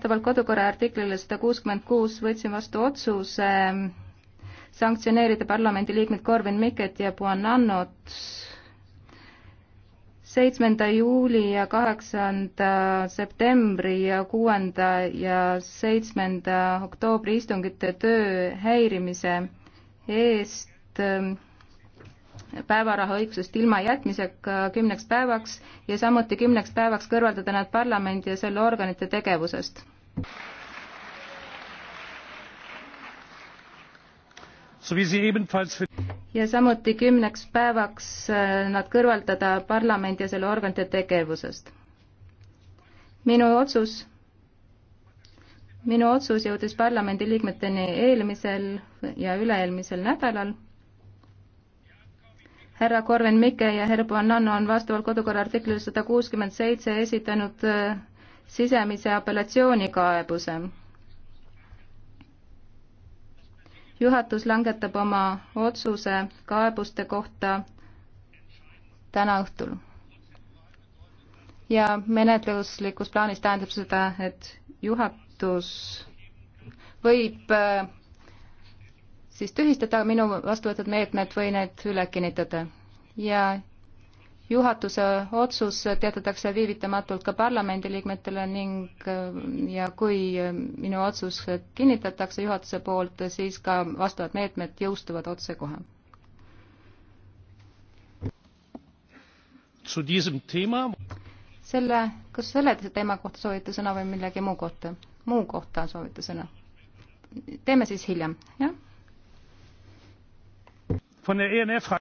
vastavalt kodukorra artiklile sada kuuskümmend kuus võtsin vastu otsuse ähm, sanktsioneerida parlamendiliikmed Corvin Mikket ja Buonannot seitsmenda juuli ja kaheksanda septembri ja kuuenda ja seitsmenda oktoobri istungite töö häirimise eest ähm, päevaraha õigusest ilma jätmisega äh, kümneks päevaks ja samuti kümneks päevaks kõrvaldada nad parlamendi ja selle organite tegevusest. ja samuti kümneks päevaks äh, nad kõrvaldada parlamendi ja selle organite tegevusest. minu otsus, minu otsus jõudis parlamendiliikmeteni eelmisel ja üle-eelmisel nädalal härra Korvin Mikke ja härra Bonanno on vastavalt kodukorra artiklile sada kuuskümmend seitse esitanud äh, sisemise apellatsioonikaebuse. juhatus langetab oma otsuse kaebuste kohta täna õhtul. ja menetluslikus plaanis tähendab seda, et juhatus võib äh, siis tühistada minu vastu võetud meetmed või need üle kinnitada. ja juhatuse otsus teatatakse viivitamatult ka parlamendiliikmetele ning ja kui minu otsus kinnitatakse juhatuse poolt, siis ka vastavad meetmed jõustuvad otsekohe. selle, kas selle teema kohta soovite sõna või millegi muu kohta? muu kohta soovite sõna? teeme siis hiljem, jah? von der enf fraktion